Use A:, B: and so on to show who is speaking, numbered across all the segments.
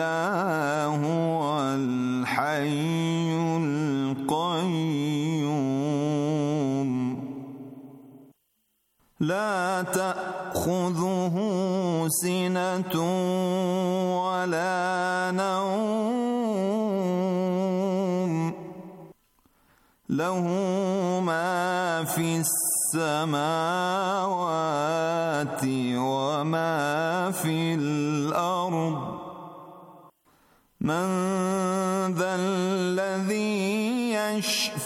A: الحي القيوم لا تأخذه سنة ولا نوم له ما في السماوات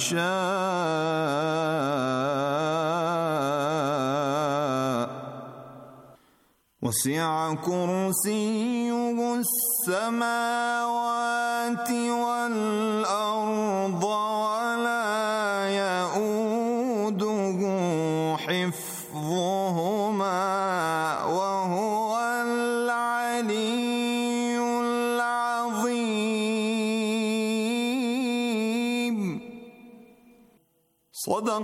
A: يشاء وسع كرسيه السماوات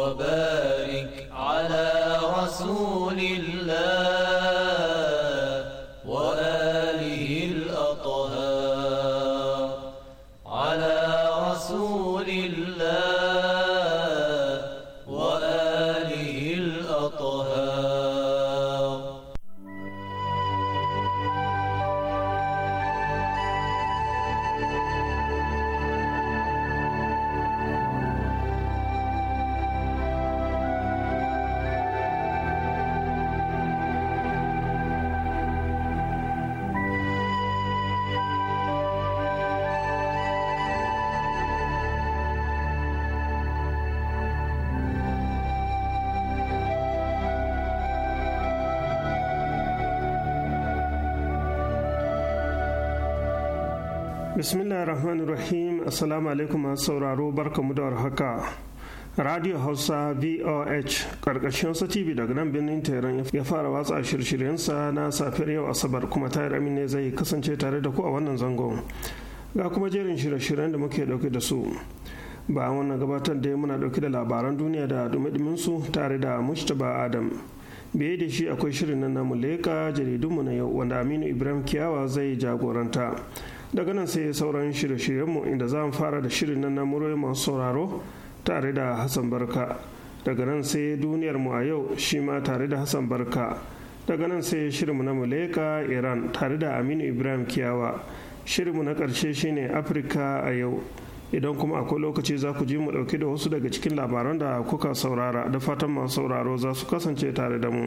A: وبارك على رسول الله
B: assalamu alaikum masu sauraro barkamu da haka. radio hausa voh karkashin tv daga nan birnin tehran ya fara watsa shirye-shiryensa na safiyar yau asabar kuma tayar ne zai kasance tare da ku a wannan zangon ga kuma jerin shirye-shiryen da muke dauke da su bayan wannan gabatar da muna dauke da labaran duniya da dumi su tare da mustapha adam biye da shi akwai shirin na namu leka jaridunmu na yau wanda aminu ibrahim kiyawa zai jagoranta daga nan sai sauran shirye-shiryenmu inda za mu fara da shirin nan na murai masu sauraro tare da hassan barka daga nan sai duniyar mu a yau shi ma tare da hassan barka daga nan sai shirin mu na muleka iran tare da aminu ibrahim kiyawa mu na ƙarshe shine afirka a yau idan kuma akwai lokaci za ku ji mu ɗauki da wasu daga cikin labaran da kuka saurara da fatan masu sauraro za su kasance tare da mu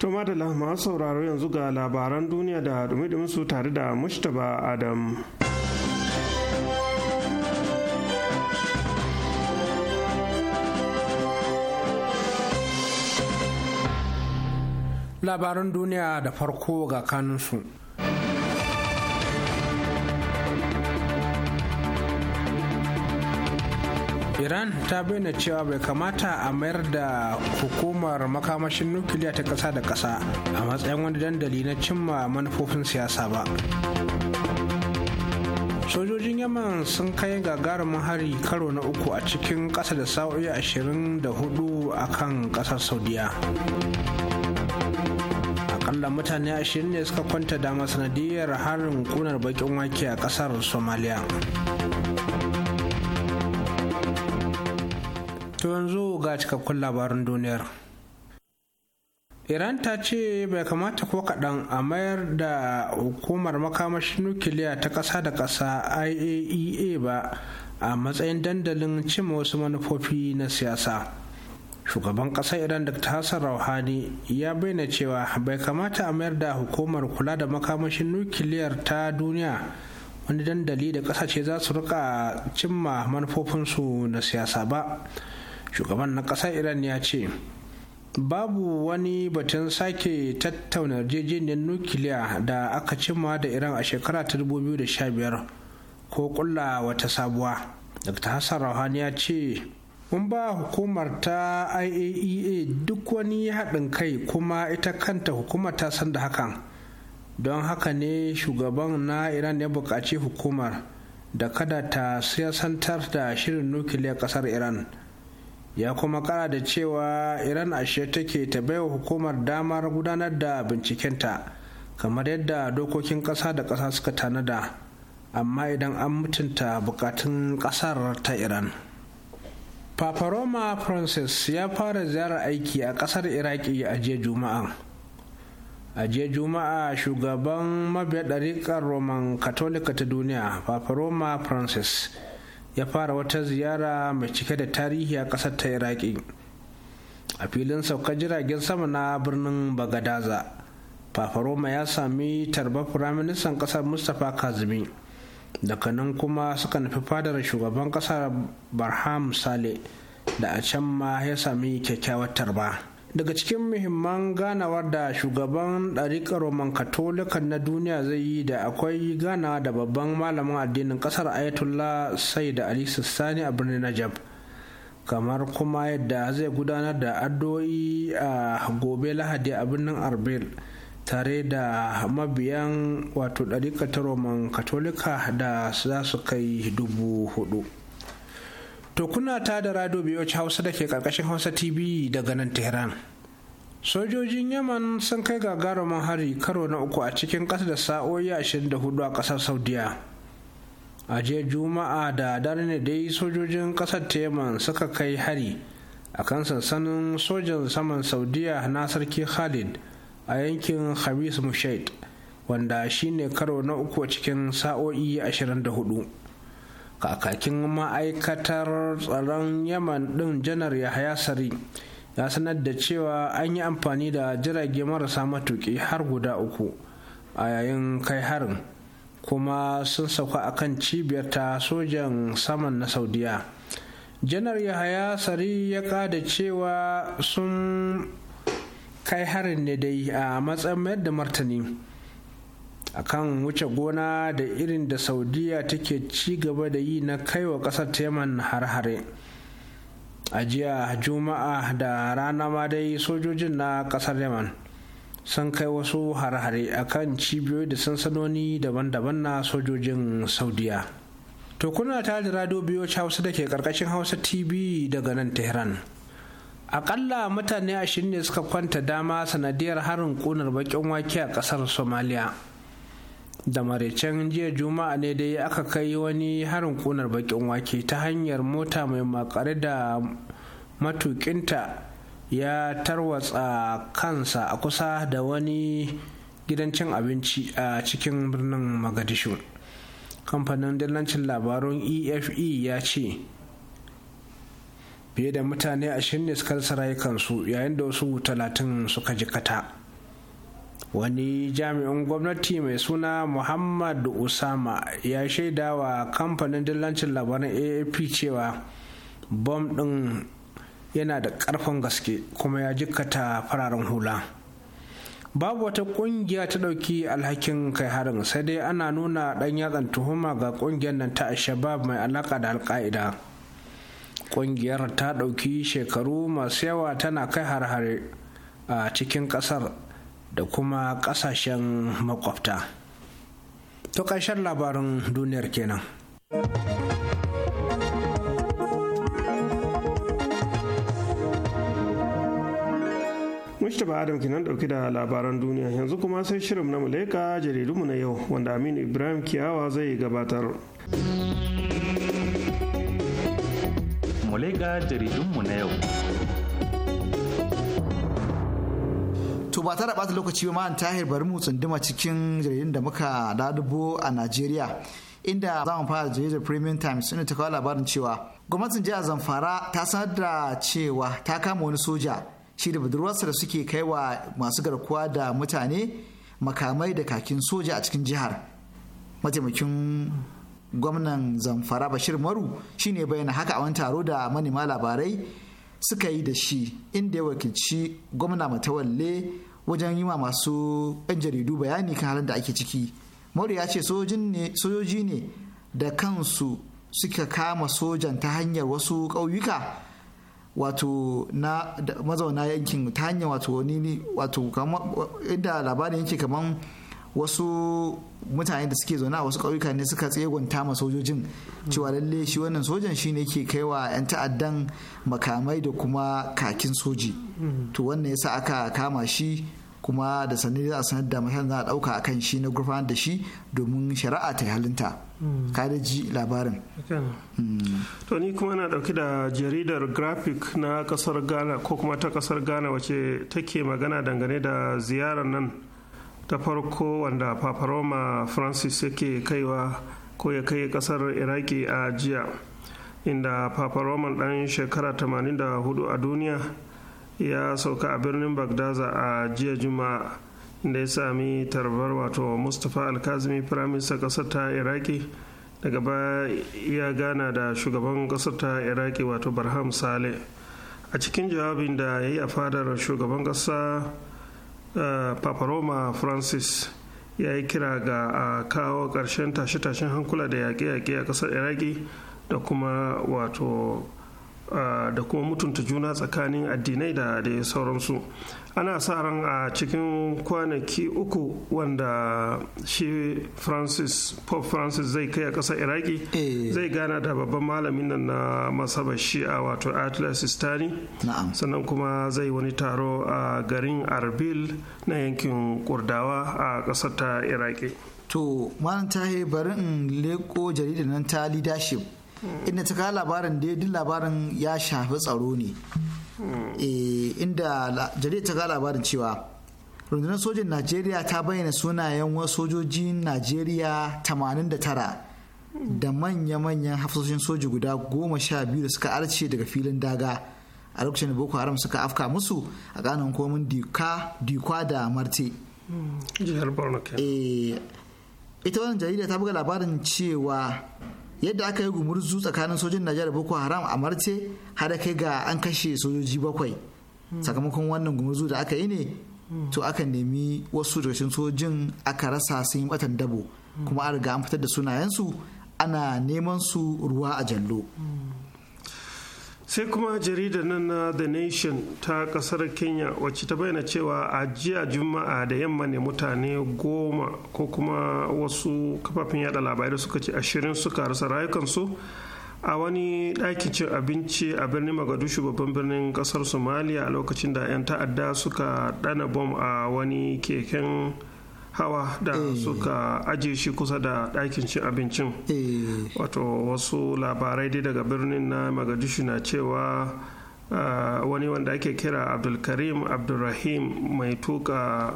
B: To madalla masu sauraro yanzu ga labaran duniya da dumi su tare da Mushtaba Adam.
C: Labaran duniya da farko ga kanunsu. iran ta bayyana cewa bai kamata a mayar da hukumar makamashin nukiliya ta kasa da kasa a matsayin wani dandali na cimma manufofin siyasa ba sojojin yaman sun kai gagarumin hari karo na uku a cikin kasa da sa'o'i hudu a kan kasar saudiya akalla mutane ashirin ne suka kwanta dama sanadiyar harin kunar bakin wake a ƙasar somaliya To yanzu ga cikakkun labarin duniyar. Iran ta ce bai kamata ko kaɗan a mayar da hukumar makamashin nukiliya ta ƙasa da ƙasa IAEA e ba a matsayin dandalin cimma wasu manufofi na siyasa. shugaban ƙasar iran dr hassan rauhani ya bayyana cewa bai kamata a mayar da hukumar kula da makamashin nukiliyar ta duniya wani dandali da ƙasashe za su rika cimma manufofinsu na siyasa ba shugaban na ƙasar iran ya ce babu wani batun sake tattauna yarjejeniyar nukiliya da aka cimma da iran a shekara ta 2015 ko kulla wata sabuwa dr hassan rahani ya ce mun ba hukumar ta iaea e duk wani haɗin kai kuma ita kanta hukumar ta san da hakan don haka ne shugaban na iran ya buƙaci hukumar da kada ta siyasantar da shirin nukiliyar ƙasar iran ya kuma kara da cewa iran ashe take ta baiwa hukumar damar gudanar da bincikenta kamar yadda dokokin ƙasa da ƙasa suka tanada amma idan an mutunta bukatun ƙasar ta iran papa roma francis ya fara ziyarar aiki a kasar iraki a jiya juma'a a jiya juma'a shugaban mabiya ɗariƙar roman katolika ta duniya papa roma francis ya fara wata ziyara mai cike da tarihi a ƙasar ta iraki a filin saukar jiragen sama na birnin bagadaza fafaroma ya sami tarba firaministan ƙasar mustapha Kazumi, daga nan kuma suka nufi fadar shugaban ƙasar barham sale da a can ma ya sami kyakkyawar tarba. daga cikin muhimman ganawar da shugaban ɗariƙar roman katolika na duniya zai yi da akwai gana da babban malamin addinin ƙasar ayatollah sai da ali sani a birnin najab kamar kuma yadda zai gudanar da addu'o'i a gobe lahadi a birnin arbil tare da mabiyan wato ɗariƙar roman katolika da za su kai dubu hudu. To kuna ta da radio BOH Hausa da ke karkashin Hausa TV daga nan Tehran. Sojojin Yaman sun kai gagarumin hari karo na uku a cikin ƙasa da sa'o'i 24 a ƙasar Saudiya. A jiya Juma'a da dare ne dai sojojin ƙasar ta Yaman suka kai hari a kan sansanin sojan saman Saudiya na Sarki Khalid a yankin Khamis Mushaid wanda shine karo na uku a cikin sa'o'i 24. kakakin ma'aikatar tsaron yaman ɗin janar yahaya sari ya sanar da cewa an yi amfani da jirage marasa matuƙi har guda uku a yayin kai harin kuma sun sauka a kan cibiyar ta sojan saman na saudiya janar yahaya sari ya kada cewa sun kai harin ne dai a matsayin mayar da martani akan wuce gona da irin da saudiya take ci gaba da yi na kaiwa kasar yaman har-hare a jiya juma'a da rana ma dai sojojin na kasar yaman sun kai wasu har-hare kan cibiyoyi da sansanoni daban-daban na sojojin saudiya to kuna tare da radio biyo hausa da ke karkashin hausa tv daga nan tehran akalla mutane ashirin ne suka kwanta dama sanadiyar harin kunar bakin wake a kasar somaliya da maraicen jiya juma'a ne dai aka kai wani harin kunar bakin wake ta hanyar mota mai makare da matukinta ya tarwatsa kansa a kusa da wani gidan cin abinci a cikin birnin magadishu kamfanin dillancin labarun efe e ya ce fiye da mutane ashirin ne suka rayukansu yayin da wasu talatin suka jikata wani jami'in gwamnati mai suna muhammad usama ya shaida wa kamfanin dillancin labaran aap cewa bom ɗin yana da ƙarfin gaske kuma ya jikkata fararen hula babu wata ƙungiya ta ɗauki alhakin kai harin sai dai ana nuna ɗan yatsan tuhuma ga ƙungiyar nan ta shabab mai alaƙa da alƙa'ida ƙungiyar ta ɗauki shekaru masu yawa tana kai har-hare a cikin ƙasar da kuma ƙasashen makwabta to ƙarshen labarin duniyar kenan.
B: Mustapha Adam kenan dauke da labaran duniya yanzu kuma sai shirin na muleka jaridunmu na yau wanda Aminu Ibrahim Kiyawa zai gabatar. Muleka
A: jaridunmu na yau.
D: To ba tare ɓata lokaci ba ma'an tahir bari mu tsunduma cikin jaridun da muka dadubo a Najeriya. Inda za mu fara jaridar Premium Times inda ta kawo labarin cewa gwamnatin jihar Zamfara ta sanar da cewa ta kama wani soja shi da budurwarsa da suke kai wa masu garkuwa da mutane makamai da kakin soja a cikin jihar. Mataimakin gwamnan Zamfara Bashir Maru shine bayyana haka a wani taro da manema labarai suka yi da shi inda ya wakilci gwamna matawalle wajen yi wa masu 'yan jaridu bayani kan halin da ake ciki mori ya ce sojoji ne da kansu suka kama sojan ta hanyar wasu ƙauyuka wato na mazauna yankin ta hanyar wato wani wato inda labarin yake kamar wasu mutane da suke zaune a wasu ƙauyuka ne suka tsegunta ma sojojin cewa lalle shi wannan sojan shi ne ke kaiwa 'yan ta'addan makamai da kuma kakin soji to wannan yasa aka kama shi kuma da sanni za a sanar da mutane za a ɗauka a kan shi na gurfa da shi domin shari'a ta halinta hmm. ka ji labarin hmm.
B: to ni kuma na ɗauki da jaridar graphic na ƙasar ghana ko kuma ta ƙasar ghana wace take magana dangane da ziyarar nan ta farko wanda paparoma francis yake kaiwa ko ya kai kasar iraki a jiya inda paparoman dan shekara 84 a duniya ya sauka a birnin bagdaza a jiya juma'a inda ya sami tarbar wato mustapha alkazimi firaminista kasar ta iraki daga baya ya gana da shugaban kasar ta iraki wato barham saleh a cikin jawabin da ya yi a fadar shugaban kasa Eh, paparoma francis ya yi kira ga a kawo ƙarshen tashe-tashen hankula da yaƙe-yaƙe a ƙasar iraki da kuma wato eh, da kuma mutunta juna tsakanin addinai da da sauransu ana sa ran a cikin kwanaki uku wanda shi francis pope francis zai kai a ƙasar iraki eh. zai gana da babban malamin nan na masabar shi'a wato atlas istani sannan kuma zai wani taro a garin
D: arbil na yankin kurdawa a ƙasar ta iraki to malam tahe bari in leko jaridar nan ta leadership inda ta kawo labarin da duk labarin ya shafi tsaro ne eh, inda jarida ta kawo labarin cewa rundunar sojin najeriya ta bayyana sunayen wasu sojojin najeriya 89 da manya-manyan hafsoshin soji guda goma sha biyu da suka arce daga filin daga a lokacin da boko haram suka afka musu a kanin komin dikwa da Marti. Eh, ita wannan jarida ta buga labarin cewa yadda aka yi gumurzu tsakanin sojin Najeriya da Boko Haram a Marce har da kai ga an kashe sojoji bakwai sakamakon wannan gumurzu da aka yi ne to aka nemi wasu daga cikin sojin aka rasa sun yi batan dabo kuma an riga an fitar da sunayensu ana neman su ruwa a jallo
B: sai kuma jaridar nan na the nation ta kasar kenya wacce ta bayyana cewa a jiya juma'a da yamma ne mutane goma ko kuma wasu kafafen yada labarai suka ce ashirin suka rasa rayukansu a wani ɗakin cin abinci a birnin magadushu babban birnin kasar somalia a lokacin da 'yan ta'adda suka ɗana bom a wani keken hawa da eh. suka ajiye shi kusa da ɗakin cin abincin eh. wato wasu labarai dai daga birnin na magadishu na cewa ah, wani wanda ake kira abdulkarim abdulrahim mai tuka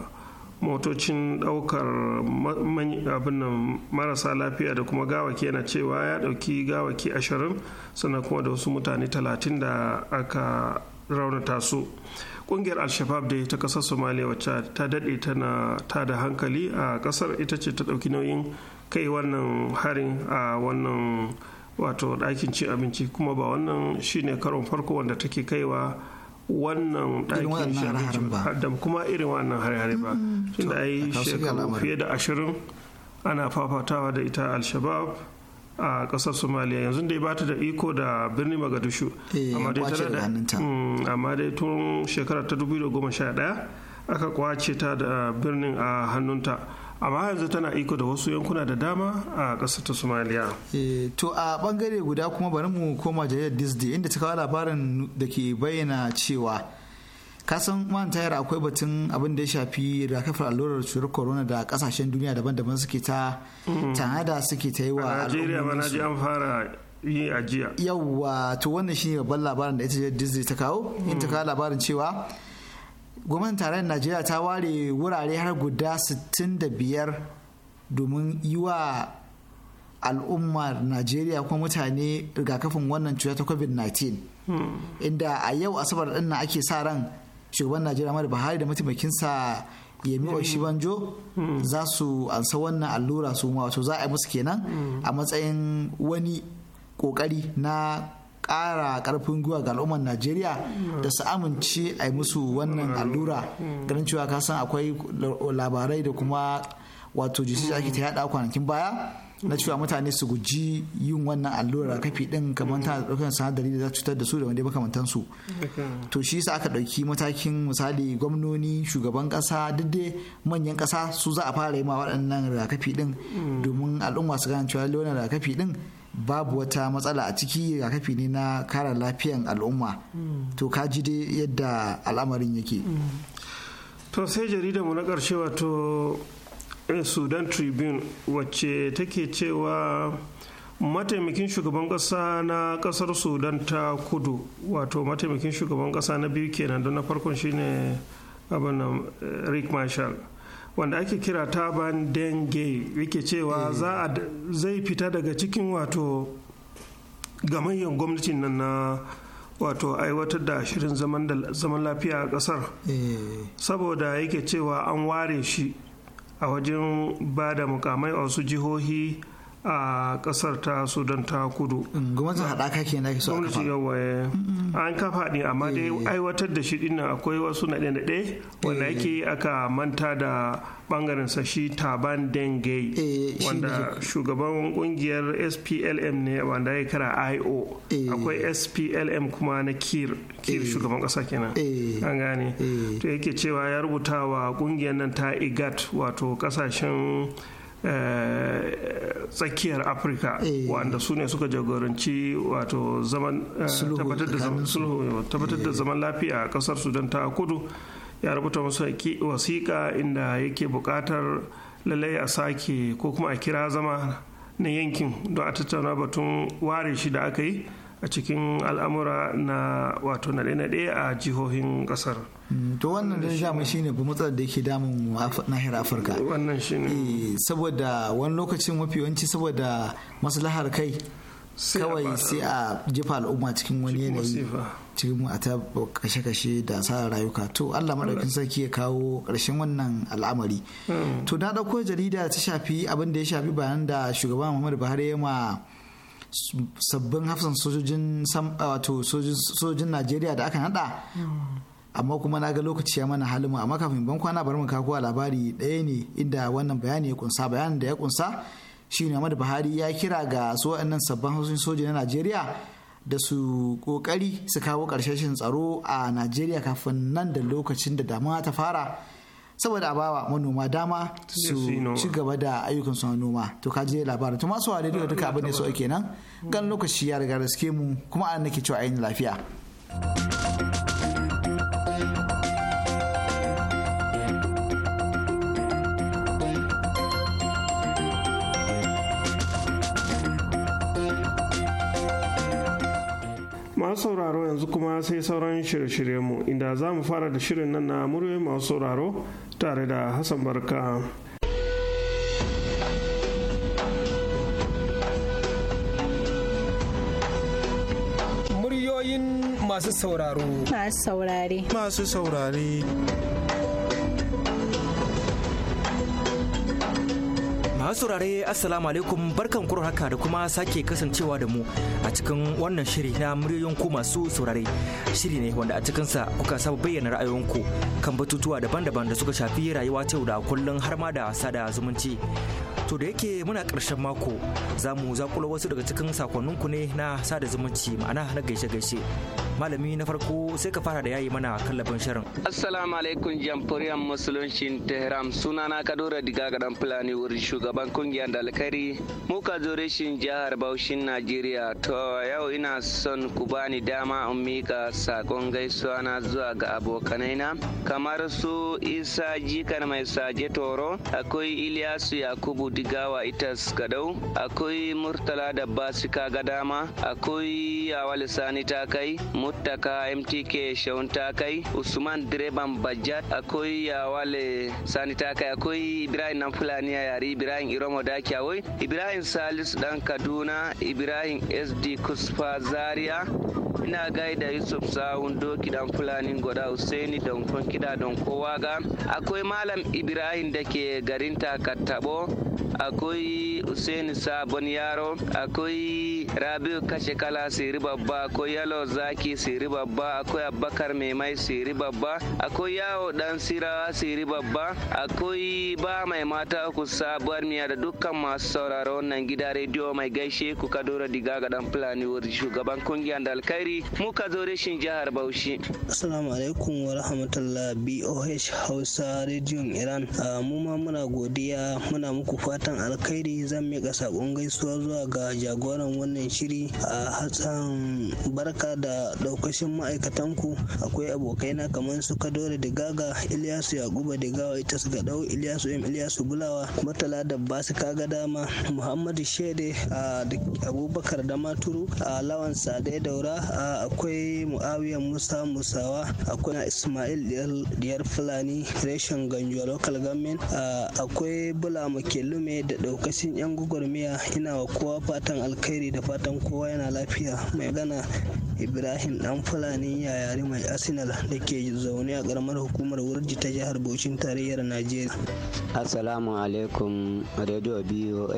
B: motocin daukar abinnan marasa lafiya da kuma gawaki yana cewa ya ɗauki gawaki ashirin sannan kuma da wasu mutane talatin da aka raunata su kungiyar al-shabab da ta kasar somalia wacce ta daɗe tana ta da hankali a kasar ita ce ta ɗauki nauyin kai wannan harin a wannan wato ɗakin cin abinci kuma ba wannan shine karon farko wanda take kaiwa wannan ɗakin cin abinci da kuma irin wannan hare-hare ba mm. tunda ai shekaru fiye da ashirin ana fafatawa da ita al-shabab a kasar somaliya yanzu dai bata da iko da birnin magadishu eh, amma dai ta mm, dubu tun shekarar ta 2011 aka kwace ta da birnin a hannunta amma yanzu tana iko da wasu yankuna da dama
D: a kasarta ta somaliya eh, to a bangare guda kuma bari mu koma jayar disney inda ta kawo labarin da ke bayyana cewa kasan man tayar akwai batun abin da ya shafi rigakafin allurar cutar corona da kasashen duniya daban-daban suke ta mm. tanada suke ta yi wa Najeriya ma naji an
B: fara yi ajiya
D: yawa to wannan shine babban labarin da ita Disney ta kawo in ta mm. kawo labarin cewa gwamnatin tarayyar Najeriya ta ware wurare har guda 65 domin yi wa al'ummar Najeriya kuma mutane rigakafin wannan cuta ta COVID-19 hmm. inda a yau asabar ɗin ake sa ran shugaban najeriya mara buhari da mataimakinsa yemi oshibanjo za su ansa wannan allura su ma wato za a yi musu kenan a matsayin wani kokari na kara karfin gwiwa ga al'ummar najeriya da su amince a yi musu wannan allura ganin cewa kasan akwai labarai da kuma wato jisai ake ta yada kwanakin baya na cewa mutane su guji yin wannan allura kafi din kamar ta ɗaukar sinadari da za cutar da su da wanda makamantan su to shi sa aka ɗauki matakin misali gwamnoni shugaban kasa duk manyan kasa su za a fara yi ma waɗannan rakafi din domin al'umma su gane cewa lona rakafi din babu wata matsala a ciki rakafi ne na kare lafiyan al'umma to ka ji dai yadda al'amarin yake
B: to sai jaridar mu na ƙarshe wato sudan tribune wacce take cewa mataimakin shugaban kasa na kasar sudan ta kudu wato mataimakin shugaban kasa na biyu kenan don na farkon shine abin eh, rick marshall wanda ake kira ta taban denge yake cewa eh. za a zai fita daga cikin wato gamayyan gwamnatin nan na wato aiwatar da shirin zaman lafiya a kasar eh. saboda yake cewa an ware shi a wajen ba da mukamai a wasu jihohi a kasar ta sudan ta kudu mm, gwamnatin haɗaka ke na so gwamnati yawa eh. an kafa ɗin amma dai eh. aiwatar da shi ɗin akwai wasu naɗe naɗe wanda yake eh. aka manta da bangaren sa shi taban dengue wanda shugaban kungiyar splm ne wanda ya kira io akwai splm kuma na kir kir shugaban ƙasa kenan an gane to yake cewa ya rubuta wa ƙungiyar nan ta igat wato ƙasashen Eh, tsakiyar afirka eh. wanda su ne suka jagoranci wato zaman eh, tabbatar da zaman lafiya a kasar sudan ta kudu ya rubuta musu wasiƙa inda yake buƙatar lalai a sake ko kuma a kira zama na yankin don a tattauna batun ware shi da aka yi a cikin al'amura na wato naɗe-naɗe a jihohin ƙasar.
D: Mm, to wannan da shi ne ba matsalar da yake damun nahiyar afirka wannan shi ne. Eh, saboda wani lokacin mafi yawanci saboda maslahar kai kawai sai a jefa al'umma cikin wani yanayi cikin a ta kashe-kashe da sa rayuka to allah maɗaukin sarki ya kawo ƙarshen wannan al'amari hmm. to na ɗauko jarida ta shafi abin da ya shafi bayan da shugaban muhammadu buhari ya ma sabbin hafsan sojojin ah, wato sojojin najeriya da aka hada amma kuma na ga lokaci ya mana halin amma kafin ban kwana bari mu kawo labari ɗaya ne inda wannan bayani ya kunsa bayanin da ya kunsa shine Muhammadu Buhari ya kira ga su waɗannan sabbin hafsan na najeriya da su kokari su kawo ƙarshen tsaro a najeriya kafin nan da lokacin da damuwa ta fara saboda a bawa manoma dama su ci gaba da ayyukan su noma to ka je labarin to masu ware duka duka abin da so nan gan lokaci ya riga gaske mu kuma an nake cewa ayin lafiya
B: masu sauraro yanzu kuma sai sauran shirye-shiryenmu inda za mu fara da shirin nan na muryoyin masu sauraro tare da Hassan Barka.
E: Muryoyin
F: masu sauraro.
A: Masu saurare.
F: Masu saurare. Masu saurare Assalamu alaikum barkan kur haka da kuma sake kasancewa da mu a cikin wannan shiri na muryoyin ku masu saurare. Shiri ne wanda a cikinsa kuka saba bayyana ra'ayoyinku kan batutuwa daban-daban da suka shafi rayuwa ta da kullum har ma da sada zumunci. To da yake muna karshen mako za mu zakulo wasu daga cikin sakonninku ne na sada zumunci ma'ana na gaishe-gaishe. malami na farko sai ka fara da yayi mana kallafin shirin
G: assalamu alaikum jamhuriyar musuluncin tehran sunana kadura diga dan fulani wurin shugaban kungiyar dalkari ka zo reshin jihar baushin najeriya to yau ina son ku bani dama in mika sakon gaisuwa na zuwa ga abokanai na kamar su isa jikar mai saje toro akwai iliyasu yakubu digawa itas gadau akwai murtala da basika ga dama akwai yawa sani ta kai muttaka mtk shawun takai usman direban bajjat akwai yawale sani takai akwai ibrahim nan fulani a yari ibrahim iromo dakiyawai ibrahim salisu dan kaduna ibrahim sd kusfa zaria ina gaida yusuf sawun doki dan fulani goda husaini don kiɗa don kowa ga akwai malam ibrahim da ke garin takattabo akwai Usaini Sabon Yaro, akwai Rabiu Kashe Kala Siri Babba, akwai Yalo Zaki Siri Babba, akwai mai Maimai Siri Babba, akwai Yawo Dan Sirawa Siri Babba, akwai Ba Mai Mata ku Sabuwar Miya da dukkan masu sauraro nan gida rediyo mai gaishe ku Kadura Diga ga Dan Fulani Wuri shugaban kungiyar dalkai alkai alkhairi muka zo rashin jihar Bauchi. Assalamu alaikum wa rahmatullah BOH Hausa Radio Iran. Mu ma muna godiya muna muku fatan alkhairi zan miƙa saƙon gaisuwa zuwa ga jagoran wannan shiri a hatsan barka da ɗaukashin ku akwai abokai na kamar su Kadore da Gaga, Ilyasu Yakuba da Gawa ita su dau Ilyasu M Ilyasu Bulawa, matala da Basu Kaga Dama, Muhammadu Shede, Abubakar Damaturu, Lawan Sade Daura, akwai mu'awiyar musa musawa akwai na ismail diyar fulani reshen ganjo local government akwai bula lume da daukacin yan gwagwarmaya ina wa kowa fatan alkhairi da fatan kowa yana lafiya mai gana ibrahim dan fulani yayari mai arsenal da ke zaune a karamar hukumar wurji ta jihar bauchin
H: tarayyar najeriya assalamu alaikum radio boh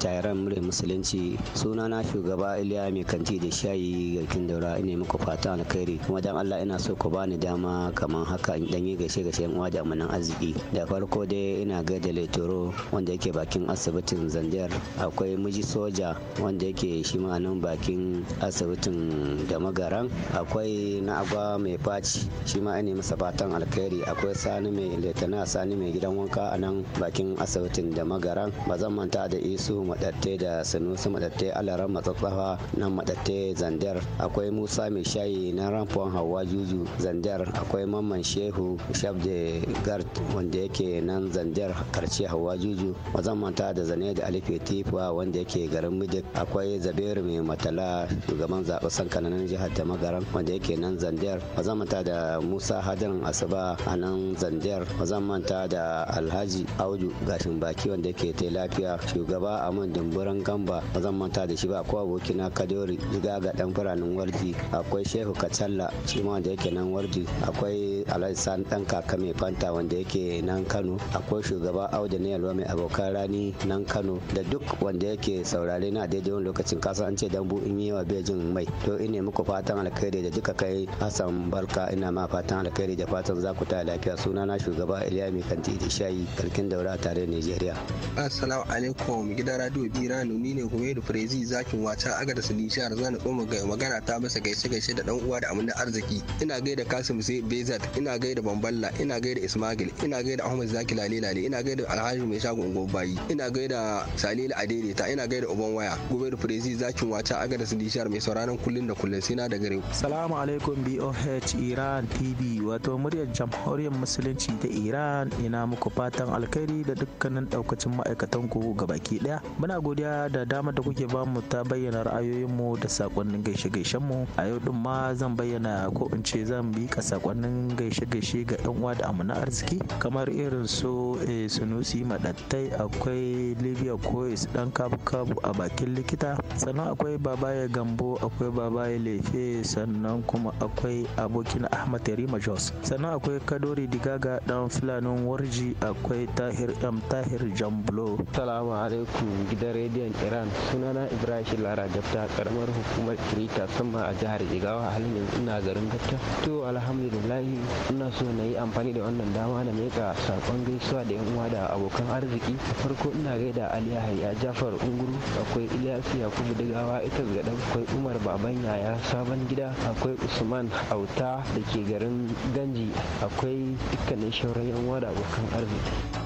H: tairan mure musulunci sunana shugaba iliya mai kanti da shayi sarkin daura ina muku fata alkhairi kuma dan Allah ina so ku bani dama kaman haka in dan yi gaishe gaishe yan uwa da nan arziki da farko dai ina gaida letoro wanda yake bakin asibitin zanjar akwai miji soja wanda yake shi ma nan bakin asibitin da magaran akwai na agwa mai faci shi ma ina masa fatan alkhairi akwai sani mai letana sani mai gidan wanka a nan bakin asibitin da magaran ba zan manta da isu madatte da sanusi madatte alaran matsatsafa nan madatte zanjar akwai musa mai shayi na ramfon Hauwa juju zandar akwai mamman shehu shabde gart wanda yake nan zanjar karce hawa juju Wazan manta da zane da alife tifa wanda yake garin midik akwai zabiru mai matala shugaban zaɓe. sankananin jihar ta magaran wanda yake nan zanjar Wazan manta da musa hadarin asuba a nan zanjar Wazan manta da alhaji audu gashin baki wanda yake ta lafiya shugaba aman dumburan gamba Wazan manta da shi ba kowa abokina kadori jiga ga dan firanin wardi akwai shehu katsalla shi ma wanda yake nan wardi akwai alhaji san dan kaka mai fanta wanda yake nan kano akwai shugaba auda ne yalwa mai abokan rani nan kano da duk wanda yake saurare na daidai wani lokacin kasa an ce dambu in yi wa bejin mai to ina muku fatan alkhairi da duka kai hassan barka ina ma fatan alkhairi da fatan za ku ta lafiya sunana shugaba iliya mai kanti da shayi karkin daura tare nigeria
C: assalamu alaikum gidan radio biranu ni ne kuma da firezi zakin wata aga da su nishiyar zan tsoma ga magana ta masa gaishe gaishe da dan uwa da amina arziki ina gaida kasim bezat ina gaida bamballa ina gaida ismagil ina gaida ahmad zaki lale lale ina gaida alhaji mai shagon gobayi ina gaida salil adeleta ina gaida uban waya gobe da firezi zakin wata aga da sidishar mai sauraron kullun da kullun sai na da gare
F: salamu alaikum boh iran tv wato muryar jamhuriyar musulunci ta iran ina muku fatan alkhairi da dukkanin daukacin ma'aikatan ku gabaki daya muna godiya da damar da kuke bamu ta bayyana ra'ayoyinmu da sakonnin gaishe gaishe gaishen mu a yau din ma zan bayyana ko in ce zan bi sakonnin gaishe-gaishe ga yan uwa da amana arziki kamar irin su eh, sunusi madattai akwai libya koyes dan kabu-kabu a bakin likita sannan akwai babaye gambo akwai babaye lefe sannan kuma akwai abokin ahmad yarima jos sannan akwai kadori digaga dan fulanin warji akwai tahir m tahir jamblo salamu alaikum gidan rediyon
G: iran sunana ibrahim lara jabta karamar hukumar kirita musamman a jihar igawa a halin
F: yanzu ina garin Gatta. To alhamdulillah ina so na yi amfani da wannan dama na mika sakon gaisuwa da yan uwa da abokan arziki. Farko ina gaida Ali Yahaya Jafar Unguru akwai Ilyas Yakubu Digawa ita gadan akwai Umar Baban Yaya Sabon Gida akwai Usman Auta da ke garin Ganji akwai dukkanin shauran yan uwa da
I: abokan arziki.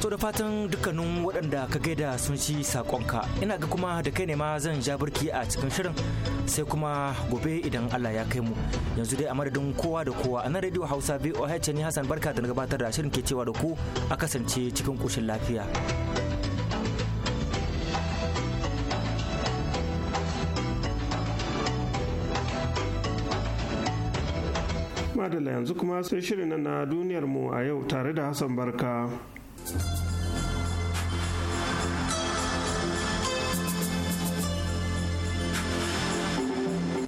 F: To da fatan dukkanin waɗanda ka gaida sun ci saƙonka ina ga kuma da kai ne ma zan ja birki a cikin shirin sai kuma gobe idan Allah ya kai mu yanzu dai a madadin kowa da kowa a nan radio Hausa VOH ne Hassan barka da gabatar da shirin ke cewa da ku a kasance cikin ƙoshin lafiya.
B: Madalla yanzu kuma sai shirin na duniyarmu a yau tare da Hassan Barka.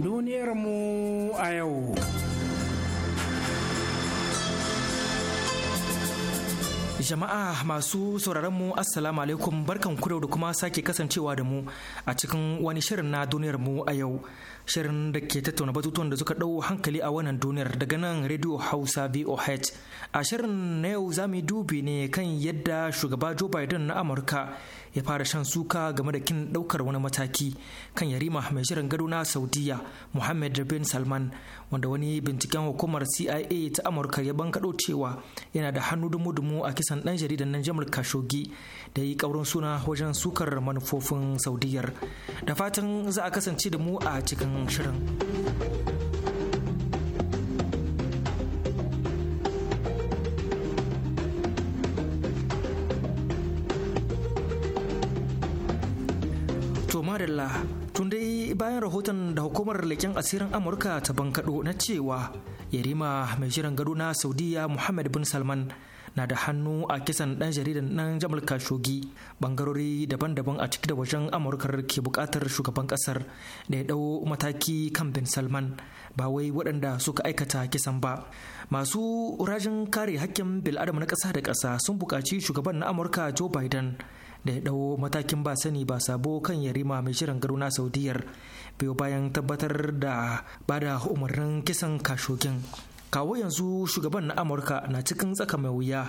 B: duniyarmu
C: a yau.
F: Jama'a masu sauraron mu Assalamu alaikum barkan ku da kuma sake kasancewa da mu a cikin wani shirin na duniyar mu a yau. Shirin da ke tattauna batutuwan da suka ɗau hankali a wannan duniyar daga nan Radio Hausa VOH. A shirin na yau za mu dubi ne kan yadda shugaba Joe Biden na Amurka ya fara shan suka game da kin daukar wani mataki kan yarima mai shirin gado na saudiya muhammad bin salman wanda wani binciken hukumar cia ta amurka ya bankaɗo cewa yana da hannu dumu-dumu a kisan ɗan jaridan nan jamal kashogi da yi ƙaurin suna wajen sukar manufofin saudiyar da fatan za a kasance da mu a cikin shirin Amarilla tun dai bayan rahoton da hukumar leken asirin Amurka ta bankaɗo na cewa yarima mai shirin gado na Saudiya Muhammad bin Salman na da hannu a kisan ɗan jaridan nan Jamal Khashoggi bangarori daban-daban a ciki da wajen amurka ke buƙatar shugaban ƙasar da ya ɗau mataki kan bin Salman ba wai waɗanda suka aikata kisan ba. Masu rajin kare hakkin bil'adama na ƙasa da ƙasa sun buƙaci shugaban na Amurka Joe Biden da ya ɗau matakin ba sani ba sabo kan yarima mai shirin garuna saudiyar biyo bayan tabbatar da bada umarnin kisan kashogin kawo yanzu shugaban na amurka na cikin tsaka mai wuya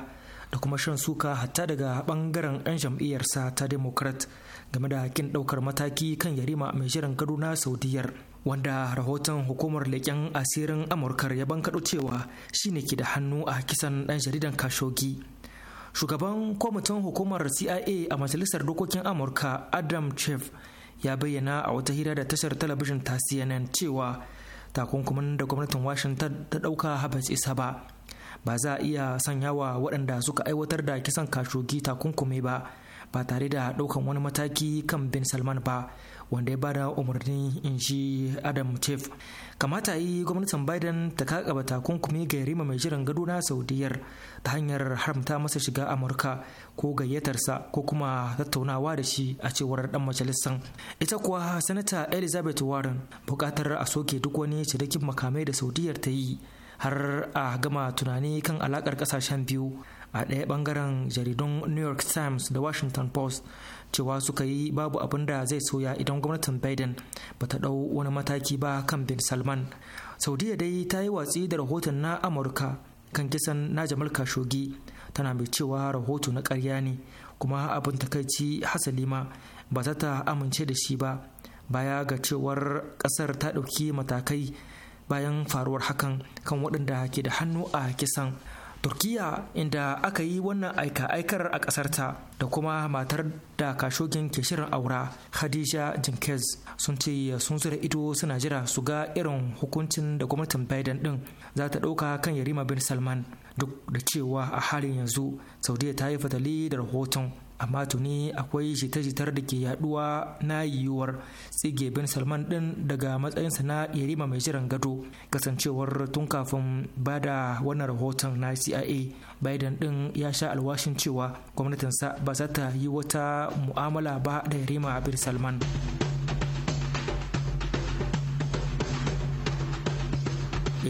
F: da kuma shan suka hatta daga bangaren 'yan jam'iyyarsa ta democrat game da kin ɗaukar mataki kan yarima mai shirin gado na saudiyar wanda rahoton hukumar leƙen asirin amurkar ya bankaɗo cewa shine ke da hannu a kisan ɗan jaridan kashogi shugaban kwamitin hukumar cia a majalisar dokokin amurka adam chef ya bayyana a wata hira da tashar talabijin ta cnn cewa takunkumin da gwamnatin washington ta dauka habas isa ba ba za a iya sanyawa waɗanda suka aiwatar da kisan kashogi takunkumi ba ba tare da ɗaukan wani mataki kan bin salman ba wanda ya bada umarni in ji adam chef kamata yi gwamnatin biden ta ba takunkumi ga yarima mai jiran gado na saudiyar ta hanyar haramta masa shiga amurka ko gayyatarsa ko kuma tattaunawa da shi a cewar dan majalisan. ita kuwa sanata elizabeth warren bukatar a soke duk wani cinikin makamai da saudiyar ta yi har a gama tunani kan alakar kasashen biyu a ɗaya bangaren jaridun new york times da washington post cewa suka yi babu abin da zai soya idan gwamnatin biden ba ta ɗau wani mataki ba kan bin salman saudiya dai ta yi watsi da rahoton na amurka kan kisan na jamal khashoggi tana mai cewa rahoto na ƙarya ne kuma abin takaici hasali ma ba za ta amince da shi ba baya ga cewar ƙasar ta ɗauki matakai bayan faruwar hakan kan waɗanda ke da hannu a kisan turkiya inda aka yi wannan aika-aikar a ƙasarta da kuma matar da kashogin ke shirin aura khadija jinkez sun ce sun zura ido suna jira su ga irin hukuncin da gwamnatin biden din za ta ɗauka kan yarima bin salman duk da cewa a halin yanzu saudiya ta yi fatali da rahoton amma tuni akwai jita-jitar da ke yaduwa na yiwuwar tsige bin salman din daga matsayinsa na yarima mai jiran gado kasancewar tun kafin ba da wannan rahoton na cia biden din ya sha alwashin cewa gwamnatinsa ba za ta yi wata mu'amala ba da yarima bin salman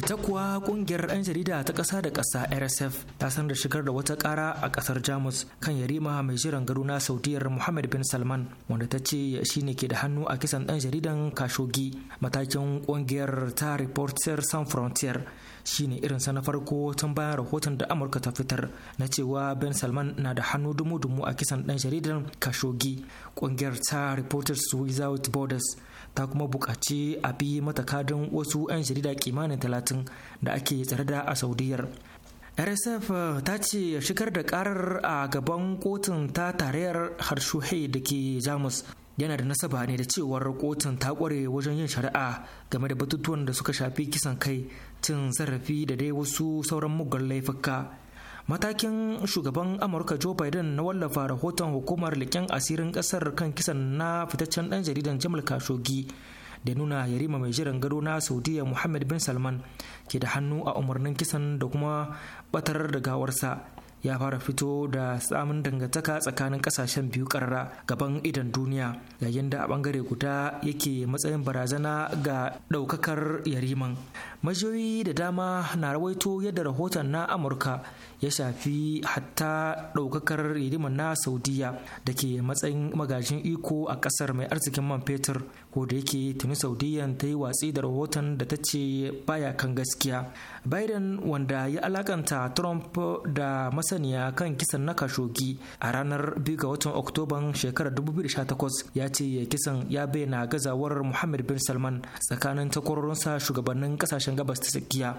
F: ita kuwa kungiyar 'yan jarida ta ƙasa da ƙasa rsf ta sanar da shigar da wata ƙara a ƙasar jamus kan yarima mai jiran gado na saudiyar muhammad bin salman wanda ta ce shi ne ke da hannu a kisan ɗan jaridan kashogi matakin kungiyar ta reporter sans frontier shine irinsa na farko tun bayan rahoton da amurka ta fitar na cewa ben salman na da hannu dumu-dumu a kisan ɗan jaridan kashogi kungiyar ta reporters without borders ta kuma buƙaci a bi mata kadin wasu 'yan jarida kimanin talatin da ake tsare da a saudiyar rsf eh, ta ce shigar da karar a gaban kotun ta tarayyar harshuhe da ke jamus yana da nasaba ne da cewar kotun ta kware wajen yin shari'a game da batutuwan da suka shafi kisan kai cin zarafi da dai wasu sauran muggan laifuka matakin shugaban amurka joe biden na wallafa rahoton hukumar leƙen asirin ƙasar kan kisan na fitaccen ɗan jaridan jamal khashoggi da nuna yarima mai jiran gado na saudiya muhammad bin salman ke da hannu a umarnin kisan da kuma batar da gawarsa ya fara fito da samun dangantaka tsakanin kasashen biyu karara gaban idan duniya yayin da a bangare guda yake matsayin barazana ga daukakar yariman majiyoyi da dama na rawaito yadda rahoton na amurka ya shafi hatta ɗaukakar hidimar na saudiya da ke matsayin magajin iko a ƙasar mai arzikin man fetur ko da yake tuni saudiyyan ta yi watsi da rahoton da ta ce baya kan gaskiya biden wanda ya alakanta trump da masaniya kan kisan na kashogi a ranar 2 ga watan oktoban shekarar 2018 ya ce kisan ya bayyana gazawar muhammad bin salman tsakanin takwarorinsa shugabannin kasashen gabas ta tsakiya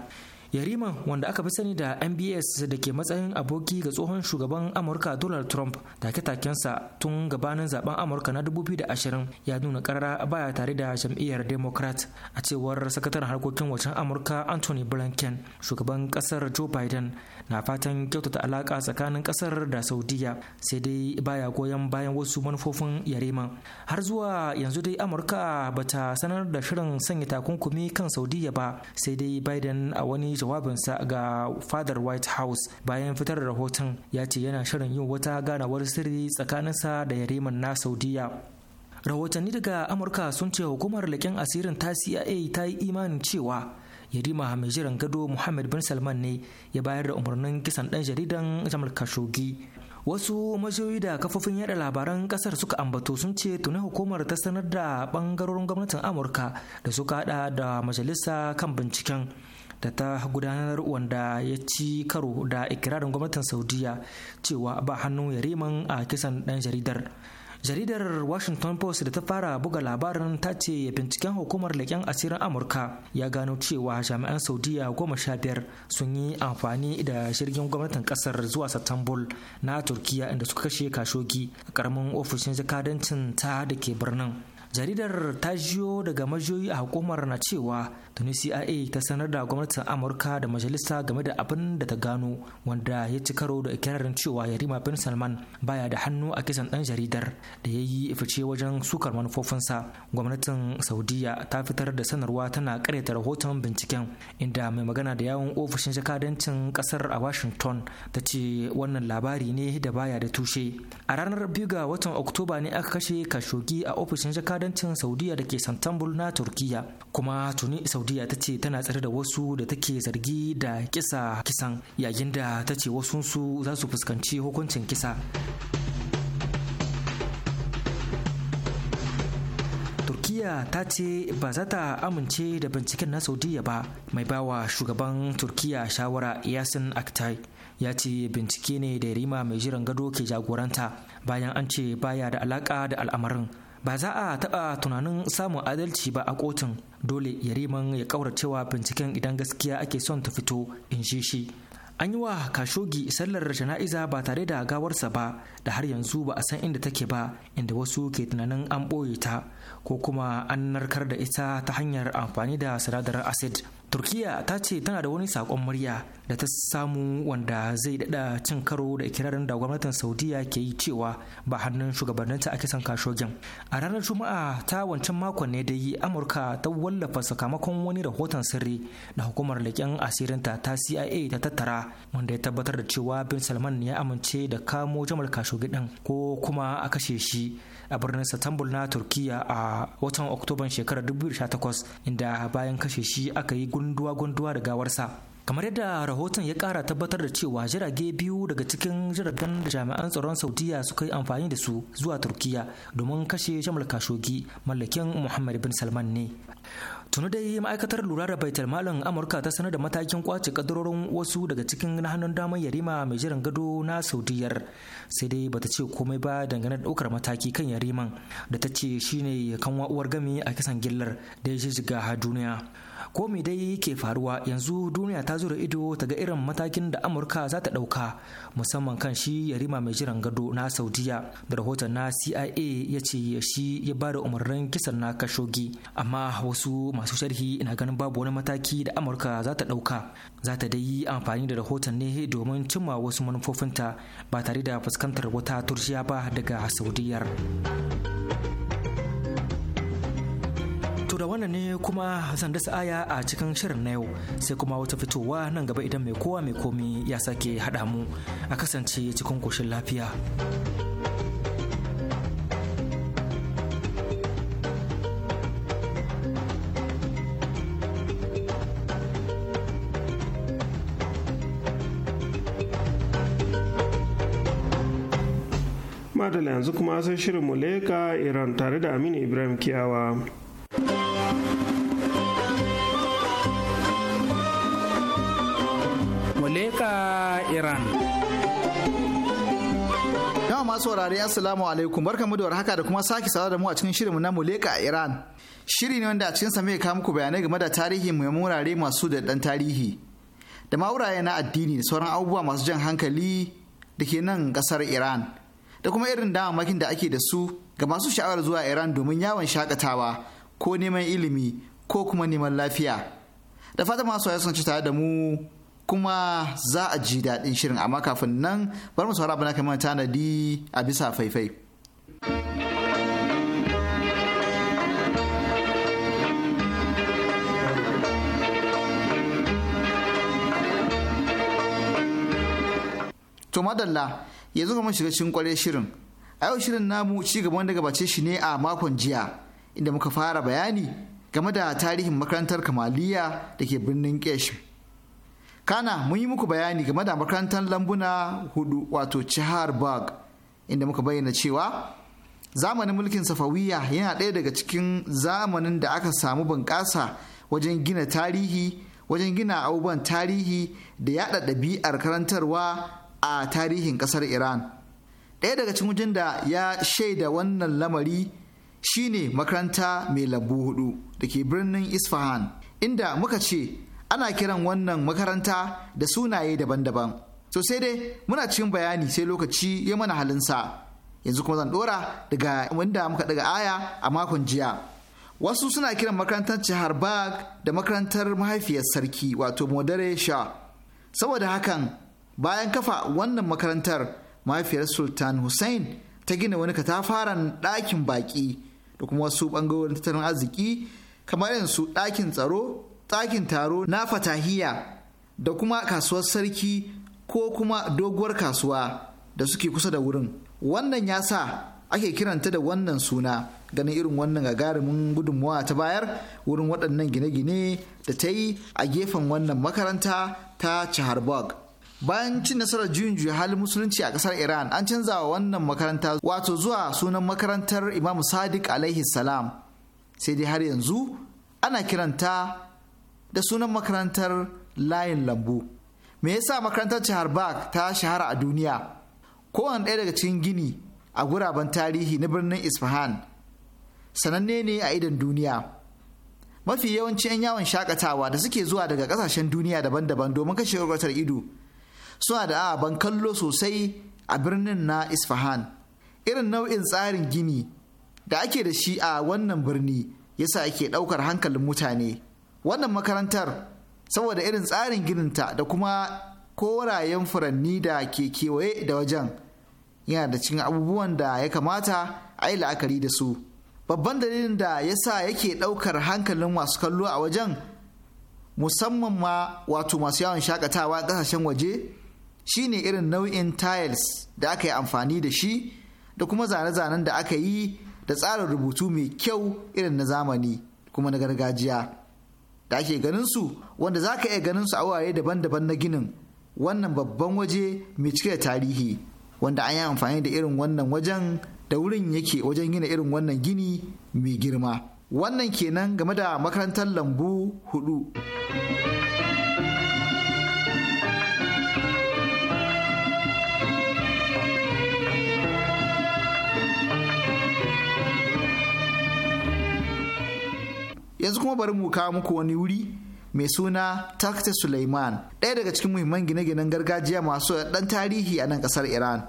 F: Yarima wanda aka fi sani da MBS da ke matsayin aboki ga tsohon shugaban Amurka Donald Trump take-takensa tun gabanin zaben Amurka na 2020 ya nuna karara baya tare da jam'iyyar Democrat a cewar sakataren harkokin wajen Amurka Anthony Blinken shugaban kasar Joe Biden na fatan kyautata alaka tsakanin kasar da saudiya sai dai baya goyon bayan wasu manufofin yareman har zuwa yanzu dai amurka bata sanar da shirin sanya takunkumi kan saudiya ba sai dai biden a wani jawabinsa ga fadar white house bayan fitar da rahoton ya ce yana shirin yin wata ganawar sirri tsakaninsa da yareman na saudiya rahotanni daga amurka sun ce hukumar leƙen asirin ta cia ta yi imanin cewa yarima mai jiran gado muhammad bin salman ne ya bayar da umarnin kisan dan jaridan jamal kashogi wasu majiyoyi da kafofin yada labaran kasar suka ambato sun ce tuni hukumar ta sanar da bangarorin gwamnatin amurka da suka hada da majalisa kan binciken da ta gudanar wanda ya ci karo da ikirarin gwamnatin saudiya cewa ba hannun yariman a kisan dan jaridar jaridar washington post da ta fara buga labarin ta ce binciken hukumar leƙen asirin amurka ya gano cewa jami'an saudiya goma sha biyar sun yi amfani da jirgin gwamnatin kasar zuwa satambul na turkiya inda suka kashe kashogi a karamin ofishin jakadancin ta da ke birnin jaridar ta jiyo daga majiyoyi a hukumar na cewa tuni cia ta sanar da gwamnatin amurka da majalisa game da abin da ta gano wanda ya ci karo da ikirarin cewa yarima bin salman baya da hannu a kisan dan jaridar da ya yi fice wajen sukar manufofinsa gwamnatin saudiya ta fitar da sanarwa tana karyata rahoton binciken inda mai magana da yawon ofishin jakadancin kasar a washington ta ce wannan labari ne da baya da tushe a ranar biyu ga watan oktoba ne aka kashe kashogi a ofishin jakadancin jakadancin saudiya da ke santambul na turkiya kuma tuni saudiya ta ce tana tsare da wasu da take zargi da kisa kisan yayin da ta ce wasu wasunsu za su fuskanci hukuncin kisa turkiya ta ce ba za ta amince da binciken na saudiya ba mai bawa shugaban turkiya shawara yasin aktai ya ce bincike ne da rima mai jiran gado ke jagoranta bayan an ce baya da alaka da al'amarin ba za a taɓa tunanin samun adalci ba a kotun dole yariman ya ƙauracewa binciken idan gaskiya ake son ta fito in shi shi an yi wa kashogi sallar jana'iza ba tare da gawarsa ba da har yanzu ba a san inda take ba inda wasu ke tunanin an ɓoye ta ko kuma an narkar da ita ta hanyar amfani da sinadarin acid turkiya ta ce tana da wani sakon murya da ta samu wanda zai dada cin karo da ikirarin da gwamnatin saudiya ke yi cewa ba hannun shugabanninta ake son kashogin a ranar juma'a ta wancan makon ne da yi amurka ta wallafa sakamakon wani rahoton sirri da hukumar leƙen asirinta ta cia ta tattara wanda ya tabbatar da cewa bin salman ya amince da kamo jamal kashogin din ko kuma a kashe shi a birnin Istanbul na Turkiya a watan Oktoban shekarar 2018 inda bayan kashe shi aka yi gunduwa-gunduwa da gawarsa. kamar yadda rahoton ya kara tabbatar da cewa jirage biyu daga cikin jiragen da jami'an tsaron saudiya suka yi amfani da su zuwa turkiya domin kashe jamal kashogi mallakin muhammad bin salman ne Tuni dai ma'aikatar lura da baitar malam Amurka ta sanar da matakin kwace kadarorin wasu daga cikin hannun damar yarima mai jiran gado na Saudiyar sai dai bata ce komai ba dangane da ɗaukar mataki kan yariman da ta ce shine kanwa uwar gami a kisan gillar da ya shiga duniya. ko me dai ke faruwa yanzu duniya ta zura ido ta ga irin matakin da amurka za ta ɗauka musamman kan shi yarima mai jiran gado na saudiya da rahoton na cia ya ce shi ya ba da umarnin kisan na kashogi amma wasu masu sharhi na ganin babu wani mataki da amurka za ta ɗauka za ta dai yi amfani da rahoton ne domin cimma wasu manufofinta ba tare da fuskantar wata turciya ba daga saudiyar To da wannan ne kuma zan dasa aya a cikin shirin na yau sai kuma wata fitowa nan gaba idan mai kowa mai komi ya sake haɗa mu a kasance cikin koshin lafiya.
B: Madala yanzu kuma sai shirin Muleka Iran tare da Aminu Ibrahim Kiyawa.
D: Amurka Iran. Yawan masu wurare Assalamu alaikum barkamu da warhaka da kuma sake sawa da mu a cikin shirinmu na Muleka Iran. Shiri ne wanda a cikin same kawo muku bayanai game da tarihi mai wurare masu da dan tarihi. Da ma na addini da sauran abubuwa masu jan hankali da ke nan kasar Iran. Da kuma irin damamakin da ake da su ga masu sha'awar zuwa Iran domin yawon shakatawa ko neman ilimi ko kuma neman lafiya. Da fata masu sun ci tare da mu kuma za a ji daɗin shirin amma kafin nan bar mu na kai kamar tanadi a bisa faifai. To madalla yanzu kuma shiga cikin kware shirin. A yau shirin namu ci gaban da gabace shi ne a makon jiya inda muka fara bayani game da tarihin makarantar Kamaliya da ke birnin Kesh. kana mun yi muku bayani game da makarantar lambuna hudu wato cihar bag inda muka bayyana cewa zamanin mulkin safawiya yana ɗaya daga cikin zamanin da aka samu bunƙasa wajen gina tarihi wajen gina abubuwan tarihi da yaɗa ɗabi'ar karantarwa a tarihin ƙasar iran ɗaya daga cikin wajen da ya shaida wannan lamari shine makaranta mai lambu hudu da ke birnin isfahan inda muka ce ana kiran wannan makaranta da sunaye daban-daban So sai dai muna cikin bayani sai lokaci ya mana halinsa yanzu kuma zan dora daga wanda muka daga aya a makon jiya wasu suna kiran makarantar Chaharbagh da makarantar mahaifiyar sarki wato modare saboda hakan bayan kafa wannan makarantar mahaifiyar sultan hussein ta gina wani katafaren ɗakin baƙi da kuma wasu ɓangarorin tattalin arziki kamar yanzu ɗakin tsaro ɗakin taro na fatahiya da kuma kasuwar sarki ko kuma doguwar kasuwa da suke kusa da wurin wannan ya sa ake kiranta da wannan suna ganin irin wannan gagarumin gudunmawa ta bayar wurin waɗannan gine-gine da ta yi a gefen wannan makaranta ta chaharbog bayan cin nasarar juyin juya halin musulunci a ƙasar iran an canza wa wannan makaranta wato zuwa sunan makarantar imam sadiq alaihi salam sai dai har yanzu ana kiranta da sunan makarantar layin lambu me yasa makarantar chaharbagh ta shahara a duniya kowane ɗaya daga cikin gini a guraben tarihi na birnin isfahan sananne ne a idan duniya mafi yawanci 'yan yawon shakatawa da suke zuwa daga ƙasashen duniya daban-daban domin kashe kwatar ido suna da ban kallo sosai a birnin na isfahan irin nau'in tsarin gini da ake da shi a wannan birni yasa ake ɗaukar hankalin mutane wannan makarantar saboda irin tsarin gininta da kuma korayen furanni da ke kewaye da wajen yana da cikin abubuwan da ya kamata a yi la'akari da su babban dalilin da ya sa yake ɗaukar hankalin masu kallo a wajen musamman ma wato masu yawon shakatawa ƙasashen waje shine irin nau'in tiles da aka yi amfani da shi da kuma zane-zanen da aka yi da tsarin rubutu mai kyau irin na zamani kuma na gargajiya. da ake ganin su wanda za ka iya ganin su a wurare daban-daban na ginin wannan babban waje mai cike da tarihi wanda an yi amfani da irin wannan wajen da wurin yake wajen gina irin wannan gini mai girma wannan kenan game da makarantar lambu hudu. yanzu kuma bari mu kawo muku wani wuri mai suna takta suleiman ɗaya daga cikin muhimman gine-ginen gargajiya masu ɗan tarihi a nan ƙasar iran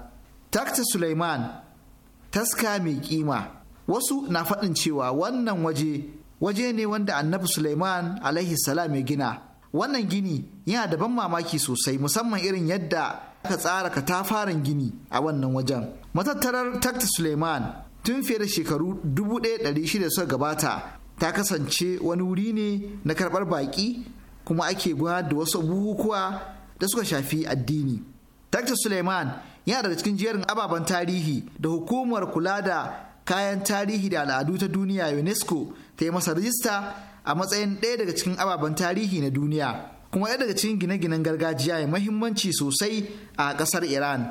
D: takta suleiman taska mai kima wasu na faɗin cewa wannan waje waje ne wanda annabi suleiman alaihi salam ya gina wannan gini yana da ban mamaki sosai musamman irin yadda aka tsara katafaren gini a wannan wajen matattarar takta suleiman tun fiye da shekaru 1600 suka gabata ta kasance wani wuri ne na karɓar baƙi kuma ake gudanar da wasu bukukuwa da suka shafi addini. Dr. Suleiman yana daga cikin jerin ababen tarihi da hukumar kula da kayan tarihi da al'adu ta duniya UNESCO ta yi masa rajista a matsayin ɗaya daga cikin ababen tarihi na duniya kuma ɗaya daga cikin gine-ginen gargajiya ya mahimmanci sosai a ƙasar Iran.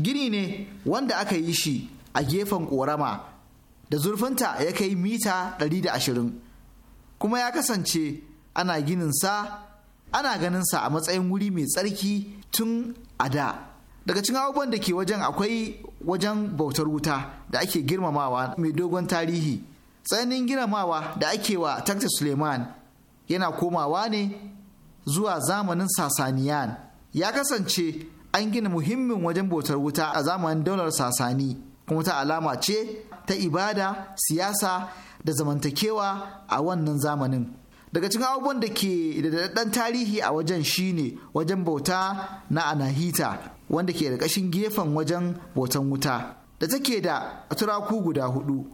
D: Gini ne wanda aka yi shi a gefen ƙorama da zurfinta ya kai mita 120 kuma ya kasance ana gininsa ana ganinsa a matsayin wuri mai tsarki tun a da daga cikin abubuwan da ke wajen akwai wajen bautar wuta da ake girmamawa mai dogon tarihi tsananin girmamawa da ake wa takta suleiman yana komawa ne zuwa zamanin sasaniyan ya kasance an gina muhimmin wajen bautar wuta a zamanin daular sasani kuma ta alama ce ta ibada siyasa da zamantakewa a wannan zamanin daga cikin abubuwan da ke da daɗaɗɗen tarihi a wajen shine wajen bauta na anahita wanda ke da ƙashin gefen wajen bautan wuta da take da turaku guda hudu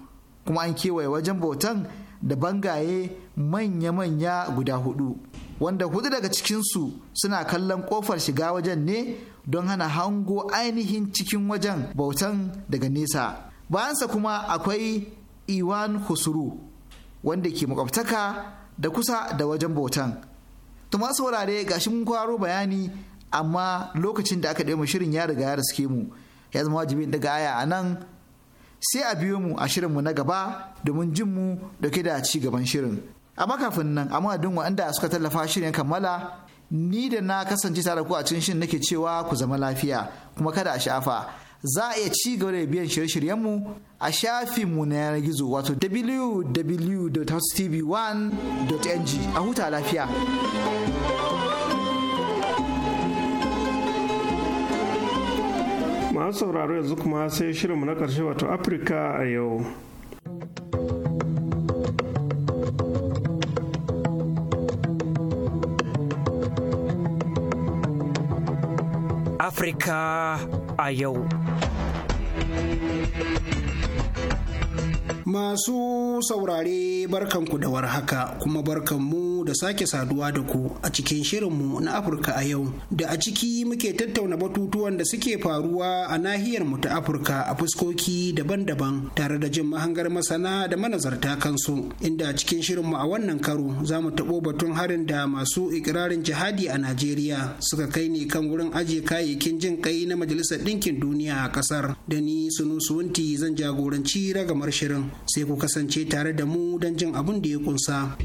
D: kuma an kewaye wajen bautan da bangaye manya-manya guda hudu wanda hudu daga cikinsu suna kallon ƙofar shiga wajen ne don hana hango ainihin cikin wajen bautan daga nesa bayansa kuma akwai iwan kusuru wanda ke makwabtaka da kusa da wajen bautan Tuma saurare ga gashi mun kwaro bayani amma lokacin da aka ɗaya shirin ya riga ya riske mu ya zama wajibi daga aya a nan sai a biyo mu a shirinmu na gaba domin jin mu da ci gaban shirin amma kafin nan amma duk waɗanda suka tallafa shirin kammala ni da na kasance tare ku a cikin shin nake cewa ku zama lafiya kuma kada a shafa za a iya ci gaba da biyan shirye-shiryenmu a shafin mu na yanar gizo wato www.tv1.ng a huta lafiya.
B: masu sauraro yanzu kuma sai shirinmu na karshe wato afirka a yau.
F: Afirka a yau. Masu
E: saurare barkanku da warhaka kuma barkanmu mu da sake saduwa da ku a cikin shirinmu na Afirka a yau da a ciki muke tattauna batutuwan da suke faruwa a nahiyar mu ta Afirka a fuskoki daban-daban tare da jin mahangar masana da manazarta kansu inda a cikin shirinmu a wannan karo za mu taɓo batun harin da masu ikirarin jihadi a Najeriya suka kai ne kan wurin ajiye kayayyakin jin kai na Majalisar Ɗinkin Duniya a ƙasar da ni Sunusuwanti zan jagoranci ragamar shirin sai ku kasance tare da mu don jin abin da ya kunsa.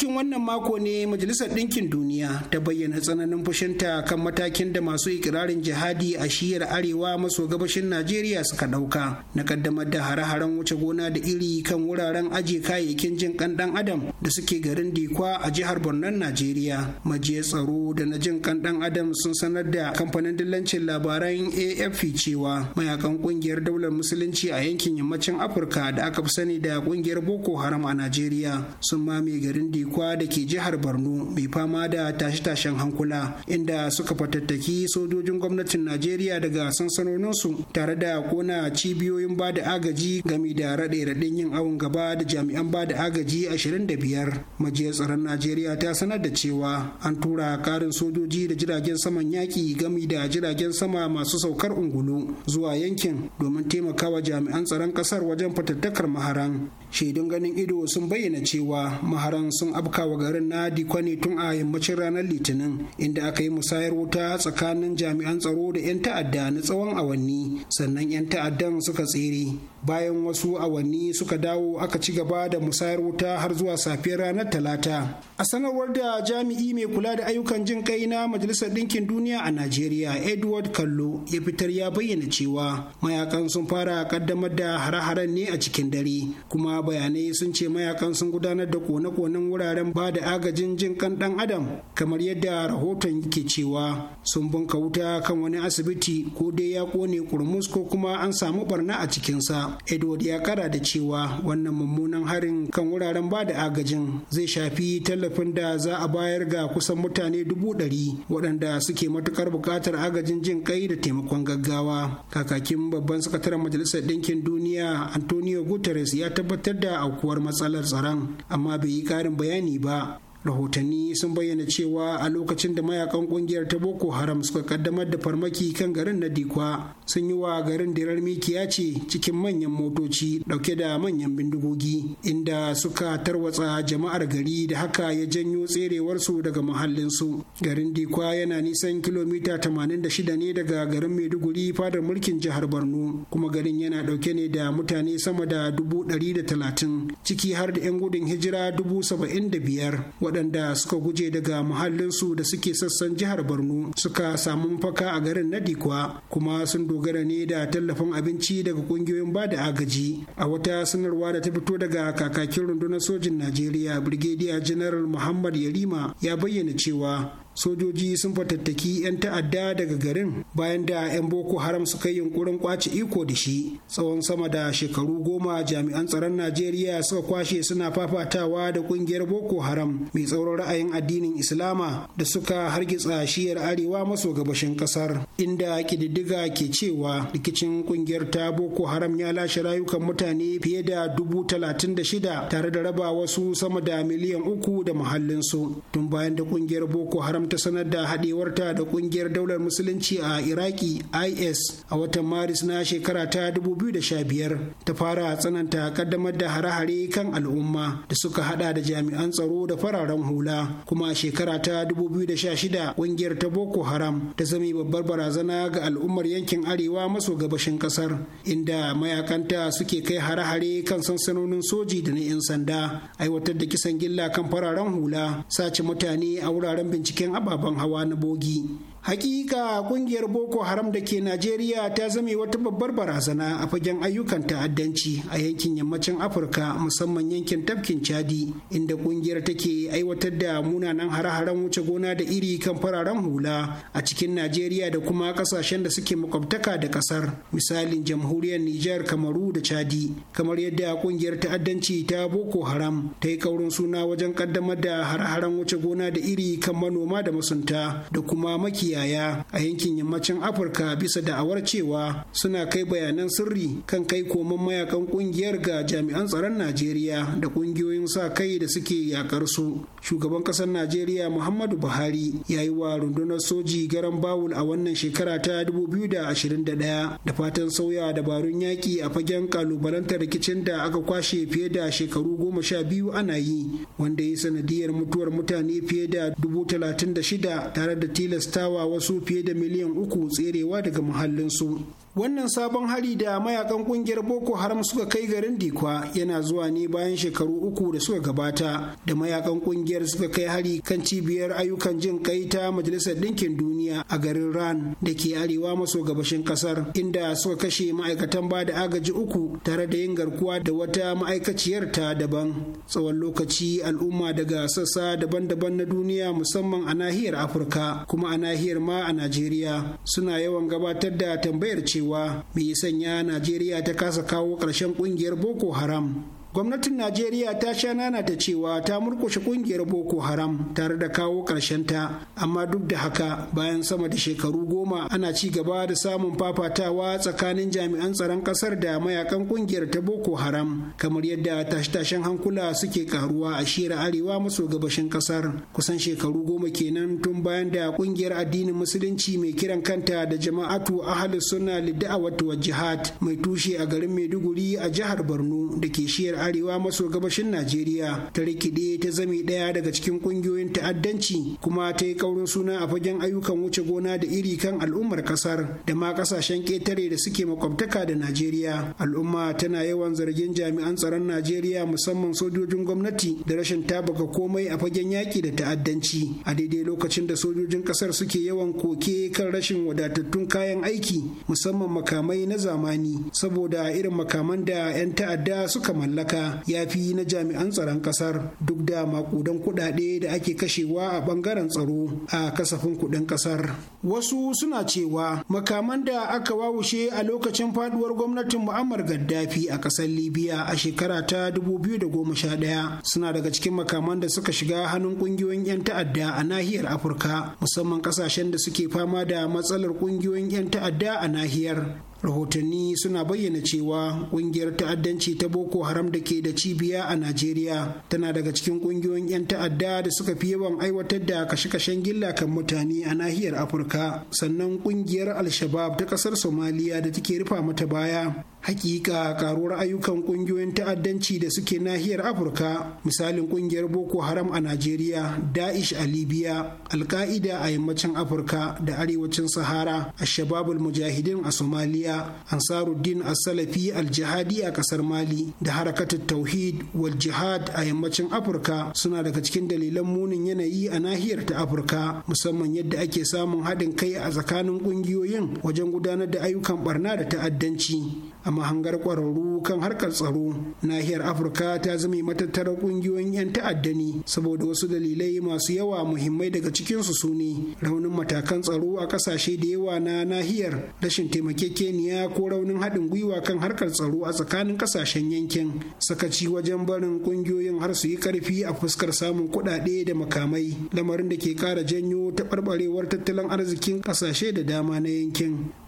E: cikin wannan mako ne majalisar ɗinkin duniya ta bayyana tsananin fushinta kan matakin da masu ikirarin jihadi a shiyar arewa maso gabashin najeriya suka ɗauka na kaddamar da hare-haren wuce gona da iri kan wuraren ajiye kayayyakin jin kan ɗan adam da suke garin dikwa a jihar borno najeriya maje tsaro da na jin kan ɗan adam sun sanar da kamfanin dillancin labaran afp cewa mayakan ƙungiyar daular musulunci a yankin yammacin afirka da aka fi sani da ƙungiyar boko haram a najeriya sun mame garin dikwa ikwa da ke jihar borno mai fama da tashe-tashen hankula inda suka fatattaki sojojin gwamnatin najeriya daga sansanoninsu tare da kona cibiyoyin ba da agaji game da raɗe-raɗen yin awon gaba da jami'an ba da agaji 25 majiyar tsaron najeriya ta sanar da cewa an tura karin sojoji da jiragen saman yaƙi game da jiragen sama masu saukar ungulu zuwa yankin domin taimakawa jami'an tsaron ƙasar wajen fatattakar maharan shaidun ganin ido sun bayyana cewa maharan sun wa garin na dikwani tun a yammacin ranar Litinin inda aka yi musayar wuta tsakanin jami'an tsaro da 'yan ta'adda na tsawon awanni sannan 'yan ta'addan suka tsere. bayan wasu awanni suka dawo aka ci gaba da musayar wuta har zuwa safiyar ranar talata a sanarwar da jami'i mai kula da ayyukan jin kai na majalisar ɗinkin duniya a najeriya edward kallo ya fitar ya bayyana cewa mayakan sun fara kaddamar da hare-haren ne a cikin dare kuma bayanai sun ce mayakan sun gudanar da kone-konen wuraren ba da agajin jin kan dan adam kamar yadda rahoton ke cewa sun bunka wuta kan wani asibiti ko dai ya kone kurmus ko kuma an samu barna a cikinsa edward ya kara da cewa wannan mummunan harin kan wuraren ba da agajin zai shafi tallafin da za a bayar ga kusan mutane dubu ɗari waɗanda suke matukar buƙatar agajin jin kai da taimakon gaggawa kakakin babban sakataren majalisar ɗinkin duniya antonio guterres ya tabbatar da aukuwar matsalar tsaron amma bai yi ƙarin bayani ba rahotanni sun bayyana cewa a lokacin da mayakan kungiyar ta boko haram suka kaddamar da farmaki kan garin na dikwa sun yi wa garin dirar mikiya ce cikin manyan motoci dauke da manyan bindigogi inda suka tarwatsa jama'ar gari da haka ya janyo tserewarsu daga mahallinsu garin dikwa yana nisan kilomita 86 ne daga garin maiduguri fadar mulkin jihar borno kuma garin yana dauke ne da mutane sama da 130 ciki har da 'yan gudun hijira 75 waɗanda suka guje daga muhallinsu da suke sassan jihar borno suka samu mafaka a garin nadikwa kuma sun dogara ne da tallafin abinci daga ƙungiyoyin ba da agaji a wata sanarwa da ta fito daga kakakin rundunar sojin najeriya brigadier general muhammad yarima ya bayyana cewa sojoji sun fatattaki 'yan ta'adda daga garin bayan da 'yan boko haram suka yi yunkurin kwace iko da shi tsawon sama da shekaru goma jami'an tsaron najeriya suka kwashe suna fafatawa da kungiyar boko haram mai tsauran ra'ayin addinin islama da suka hargitsa shiyar arewa maso gabashin kasar inda kididdiga ke cewa rikicin kungiyar ta boko haram ya lashe rayukan mutane fiye da dubu talatin da shida tare da raba wasu sama da miliyan uku da muhallinsu tun bayan da kungiyar boko haram ta sanar da haɗewarta da ƙungiyar daular musulunci a iraki is a watan maris na shekara ta 2015 ta fara tsananta kaddamar da hare-hare kan al'umma da suka hada da jami'an tsaro da fararen hula kuma a shekara ta 2016 ƙungiyar ta boko haram ta zame babbar barazana ga al'ummar yankin arewa maso gabashin ƙasar inda mayakanta suke kai hare-hare kan sansanonin soji da na 'yan sanda aiwatar da kisan gilla kan fararen hula sace mutane a wuraren binciken ababen hawa na bogi Hakika kungiyar Boko Haram da ke Najeriya ta zame wata babbar barazana a fagen ayyukan ta'addanci a yankin yammacin Afirka musamman yankin tafkin Chadi inda kungiyar take aiwatar da munanan hare-haren wuce gona da iri kan fararen hula a cikin Najeriya da kuma kasashen da suke makwabtaka da kasar misalin jamhuriyar Nijar, Kamaru da Chadi kamar yadda kungiyar ta'addanci ta Boko Haram ta yi kaurin suna wajen kaddamar da hare-haren wuce gona da iri kan manoma da masunta da kuma maki kiyaya a yankin yammacin afirka bisa da'awar cewa suna kai bayanan sirri kan kai koman mayakan kungiyar ga jami'an tsaron najeriya da kungiyoyin sa kai da suke yakar su shugaban kasar najeriya muhammadu buhari ya yi wa rundunar soji garan bawul a wannan shekara ta 2021 da da ɗaya fatan sauya dabarun yaƙi a fagen kalubalantar rikicin da aka kwashe fiye da shekaru goma sha biyu ana yi wanda ya sanadiyar mutuwar mutane fiye da dubu talatin da shida tare da tilastawa wa wasu fiye da miliyan uku tserewa daga muhallinsu wannan sabon hari da mayakan kungiyar boko haram suka kai garin dikwa yana zuwa ne bayan shekaru uku da suka gabata da mayakan kungiyar suka kai hari kan cibiyar ayyukan jin kai ta majalisar ɗinkin duniya a garin ran da ke arewa maso gabashin kasar inda suka kashe ma'aikatan ba da agaji uku tare da yin garkuwa da wata ma'aikaciyar ta daban tsawon lokaci al'umma daga sassa daban-daban na duniya musamman a nahiyar afirka kuma a nahiyar ma a najeriya suna yawan gabatar da tambayar ce cewa me sanya najeriya ta kasa kawo ƙarshen ƙungiyar boko haram gwamnatin najeriya ta sha nana ta cewa ta murkushe kungiyar boko haram tare da kawo ta amma duk da haka bayan sama da shekaru goma ana ci gaba da samun fafatawa tsakanin jami'an tsaron ƙasar da mayakan kungiyar ta boko haram kamar yadda tashe-tashen hankula suke karuwa a shira arewa maso gabashin ƙasar. kusan shekaru goma kenan tun bayan da kungiyar addinin musulunci mai kiran kanta da jama'atu ahalus sunna lidda'awatu wa jihad mai tushe a garin maiduguri a jihar borno da ke shiyar arewa maso gabashin najeriya ta rikide ta zame ɗaya daga cikin ƙungiyoyin ta'addanci kuma ta yi ƙaurin suna a fagen ayyukan wuce gona da iri kan al'ummar ƙasar da ma ƙasashen ketare da suke makwabtaka da najeriya al'umma tana yawan zargin jami'an tsaron najeriya musamman sojojin gwamnati da rashin tabaka komai a fagen yaƙi da ta'addanci a daidai lokacin da sojojin ƙasar suke yawan koke kan rashin wadatattun kayan aiki musamman makamai na zamani saboda irin makaman da 'yan ta'adda suka mallaka haka ya fi na jami'an tsaron kasar duk da makudan kuɗaɗe da ake kashewa a ɓangaren tsaro a kasafin kuɗin kasar wasu suna cewa makaman da aka wawushe a lokacin faduwar gwamnatin mu'ammar gaddafi a ƙasar libya a shekara ta 2011 suna daga cikin makaman da suka shiga hannun ƙungiyoyin 'yan ta'adda a nahiyar afirka musamman ƙasashen da suke fama da matsalar ƙungiyoyin 'yan ta'adda a nahiyar rahotanni suna bayyana cewa kungiyar ta'addanci ta boko haram da ke da cibiya a najeriya tana daga cikin kungiyoyin 'yan ta'adda da suka fi yawan aiwatar da kashe-kashen gilla kan mutane a nahiyar afirka sannan kungiyar al-shabab ta kasar somaliya da take rufa mata baya hakika karuwar ayyukan kungiyoyin ta'addanci da suke nahiyar afirka misalin kungiyar boko haram a najeriya da'ish a libya alka'ida a yammacin afirka da arewacin sahara ashababul mujahidin a somaliya ansaruddin a salafi aljihadi a kasar mali da harakatar tauhid wal jihad a yammacin afirka suna daga cikin dalilan munin yanayi a nahiyar ta afirka musamman yadda ake samun haɗin kai a tsakanin kungiyoyin wajen gudanar da ayyukan barna da ta'addanci a mahangar kwararru kan harkar tsaro nahiyar afirka ta zame matattarar kungiyoyin 'yan ta'adda ne saboda wasu dalilai masu yawa muhimmai daga cikinsu su ne raunin matakan tsaro a kasashe da yawa na nahiyar rashin taimakekeniya ko raunin haɗin gwiwa kan harkar tsaro a tsakanin kasashen yankin sakaci wajen barin kungiyoyin har su yi karfi a fuskar samun kuɗaɗe da makamai lamarin da ke ƙara janyo taɓarɓarewar tattalin arzikin ƙasashe da dama na yankin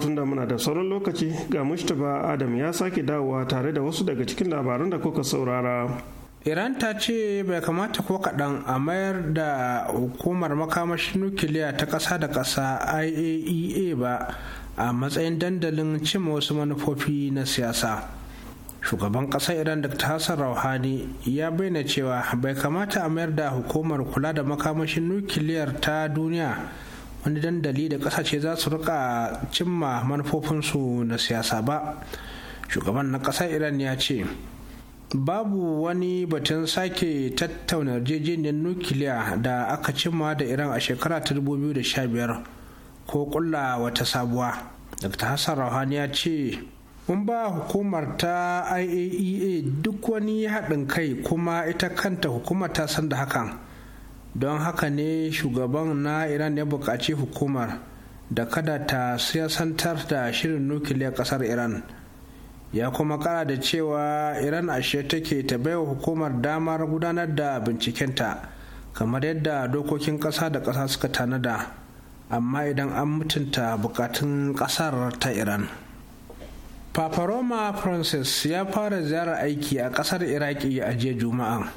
B: tun da muna da sauran lokaci ga Mustapha Adam ya sake dawowa tare da wasu daga cikin labaran da kuka saurara. Iran ta
C: ce bai kamata ko kaɗan a mayar da hukumar makamashin nukiliya ta ƙasa da ƙasa IAEA e ba a matsayin dandalin cimma wasu manufofi na siyasa. shugaban ƙasar iran ta hassan rauhani ya bayyana cewa bai kamata a mayar da hukumar kula da makamashin nukiliyar ta duniya wani dandali da kasashe za su rika cimma manufofinsu na siyasa ba shugaban na ƙasar iran ya ce babu wani batun sake tattauna yarjejeniyar nukiliya da aka cimma da iran a shekara ta 2015 ko kulla wata sabuwa dr hassan rahani ya ce mun ba hukumar ta iaea e duk wani haɗin kai kuma ita kanta hukumar ta san da hakan don haka ne shugaban na iran ya buƙaci hukumar da kada ta siyasantar da shirin nukiliyar ƙasar iran ya kuma kara da cewa iran ashe take ta baiwa hukumar damar gudanar da bincikenta kamar yadda dokokin ƙasa da ƙasa suka tanada amma idan an mutunta buƙatun ƙasar ta iran paparoma francis ya fara ziyarar aiki a ƙasar iraki a jiya juma'a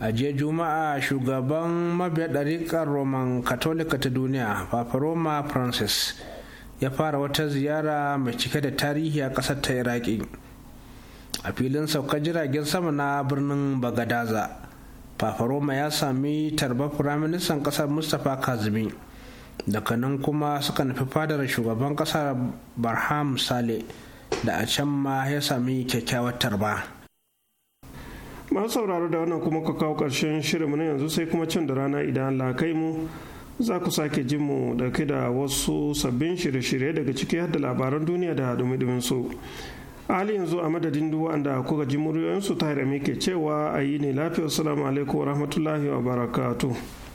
C: a jiya juma'a shugaban mabiya ɗariƙar roman katolika ta duniya papa roma francis ya fara wata ziyara mai cike da tarihi a ƙasar ta iraki a filin saukar jiragen sama na birnin bagadaza papa roma ya sami tarba firaministan ƙasar mustapha Kazumi, daga nan kuma suka nufi fadar shugaban ƙasar barham sale da a can ma ya sami kyakkyawar tarba.
B: masu sauraro da wannan kuma ka kawo ƙarshen shirinmu na yanzu sai kuma can da rana idan Allah kai mu za ku sake jin mu ɗauke da wasu sabbin shirye-shirye daga ciki har da labaran duniya da dumi-dumin su hali yanzu a madadin duk wanda kuka ji muryoyinsu ta ke cewa a yi ne lafiya assalamu alaikum warahmatullahi rahmatullahi